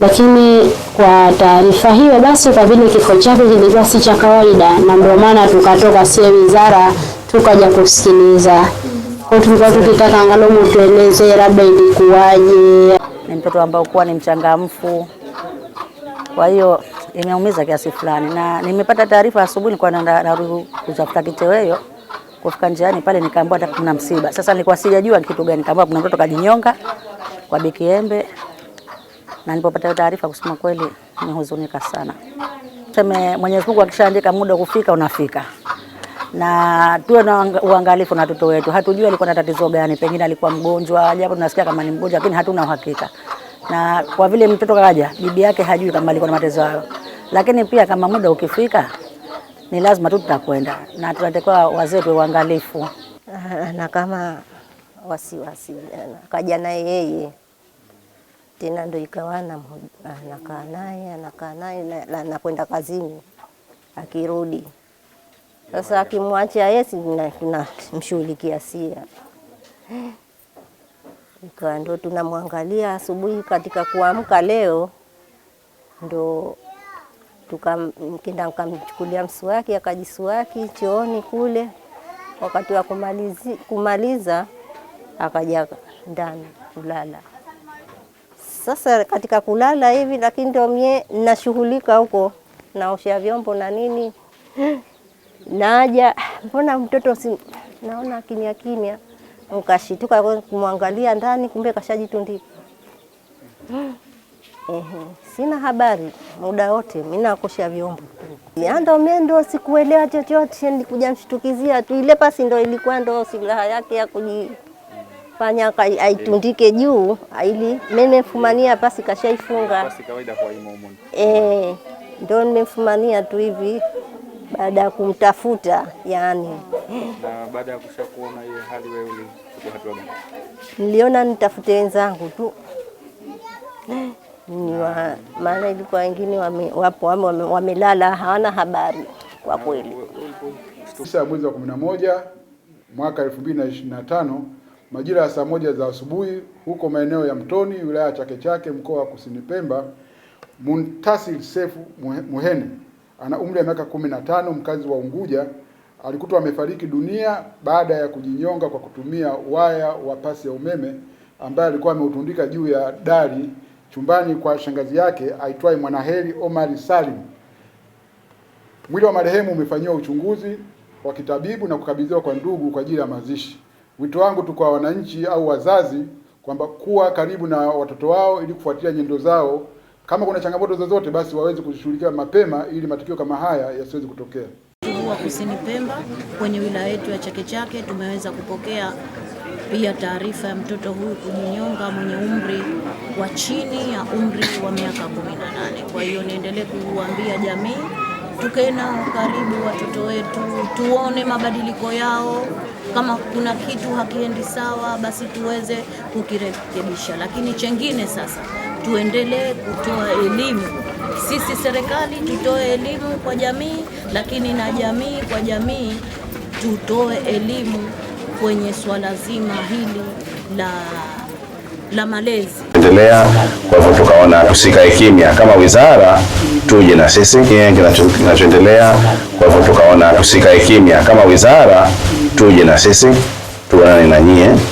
lakini kwa taarifa hiyo basi, kwa vile kifo chake kilikuwa si cha kawaida, na ndio maana tukatoka sie wizara tukaja kusikiliza. Kwa tulikuwa tukitaka angalau mtueleze labda ilikuwaje. Ni mtoto ambao kuwa ni mchangamfu, kwa hiyo imeumiza kiasi fulani, na nimepata taarifa asubuhi, nilikuwa narudi kutafuta kiteweyo kufika njiani pale nikaambiwa kuna msiba. Sasa nilikuwa sijajua kitu gani, nikaambiwa kuna mtoto kajinyonga kwa Bikiembe na nilipopata taarifa, kusema kweli nimehuzunika sana. Tuseme Mwenyezi Mungu akishaandika muda kufika unafika, na tuwe na uangalifu na watoto wetu. Hatujui alikuwa na tatizo gani, pengine alikuwa mgonjwa, japo tunasikia kama ni mgonjwa, lakini hatuna uhakika. Na kwa vile mtoto kaja, bibi yake hajui kama alikuwa na matatizo hayo, lakini pia kama muda ukifika ni lazima tu tutakwenda, na tunatakiwa wazee tuwe uangalifu na kama wasiwasi eh, kaja naye yeye tena ndo ikawa anakaa ah, naye anakaa naye nakwenda kazini, akirudi sasa, akimwacha yeye tunamshughulikia Sia, ikawa ndo tunamwangalia asubuhi. Katika kuamka leo ndo tukakenda nikamchukulia mswaki, akajiswaki chooni kule. Wakati wa kumaliza akaja ndani kulala. Sasa katika kulala hivi, lakini ndio mie nashughulika huko, naosha vyombo na nini, naja mbona mtoto si naona kimya kimya, nkashituka kumwangalia ndani, kumbe kashajitundika. Ehe, sina habari muda wote mimi nakosha vyombo. Ndo mie ndo sikuelewa chochote, nilikuja mshtukizia tu, ile pasi ndo ilikuwa ndo silaha yake ya kuji fanya aitundike juu ili mimi nimemfumania pasi kashaifunga. Pasi kawaida kwa imo umo. Eh, ndio nimemfumania tu hivi baada ya kumtafuta yani. Na baada ya kushakuona hiyo hali wewe uli hatua gani? Niliona nitafute wenzangu tu. Ni wa maana ilikuwa wengine wapo wamelala hawana habari kwa kweli. Mwezi wa 11 mwaka 2025 majira ya saa moja za asubuhi huko maeneo ya Mtoni, wilaya ya Chake Chake, mkoa wa Kusini Pemba, Muntasil Sefu Muhene ana umri wa miaka 15, mkazi wa Unguja, alikutwa amefariki dunia baada ya kujinyonga kwa kutumia waya wa pasi ya umeme ambaye alikuwa ameutundika juu ya dari chumbani kwa shangazi yake aitwaye Mwanaheri Omari Salim. Mwili wa marehemu umefanyiwa uchunguzi wa kitabibu na kukabidhiwa kwa ndugu kwa ajili ya mazishi. Wito wangu tu kwa wananchi au wazazi kwamba kuwa karibu na watoto wao ili kufuatilia nyendo zao. Kama kuna changamoto zozote, basi waweze kushughulikia mapema ili matukio kama haya yasiweze kutokea. wa Kusini Pemba kwenye wilaya yetu ya Chake Chake tumeweza kupokea pia taarifa ya mtoto huyu kunyonga mwenye umri wa chini ya umri wa miaka 18. Kwa hiyo niendelee kuambia jamii tukae nao karibu watoto wetu, tuone mabadiliko yao. Kama kuna kitu hakiendi sawa, basi tuweze kukirekebisha. Lakini chengine sasa, tuendelee kutoa elimu sisi serikali tutoe elimu kwa jamii, lakini na jamii kwa jamii tutoe elimu kwenye swala zima hili la la malezi endelea. Kwa hivyo tukaona tusikae kimya kama wizara tuje na sisi kinachoendelea. Kwa hivyo tukaona tusikae kimya, kama wizara tuje na sisi tuonane na nyie.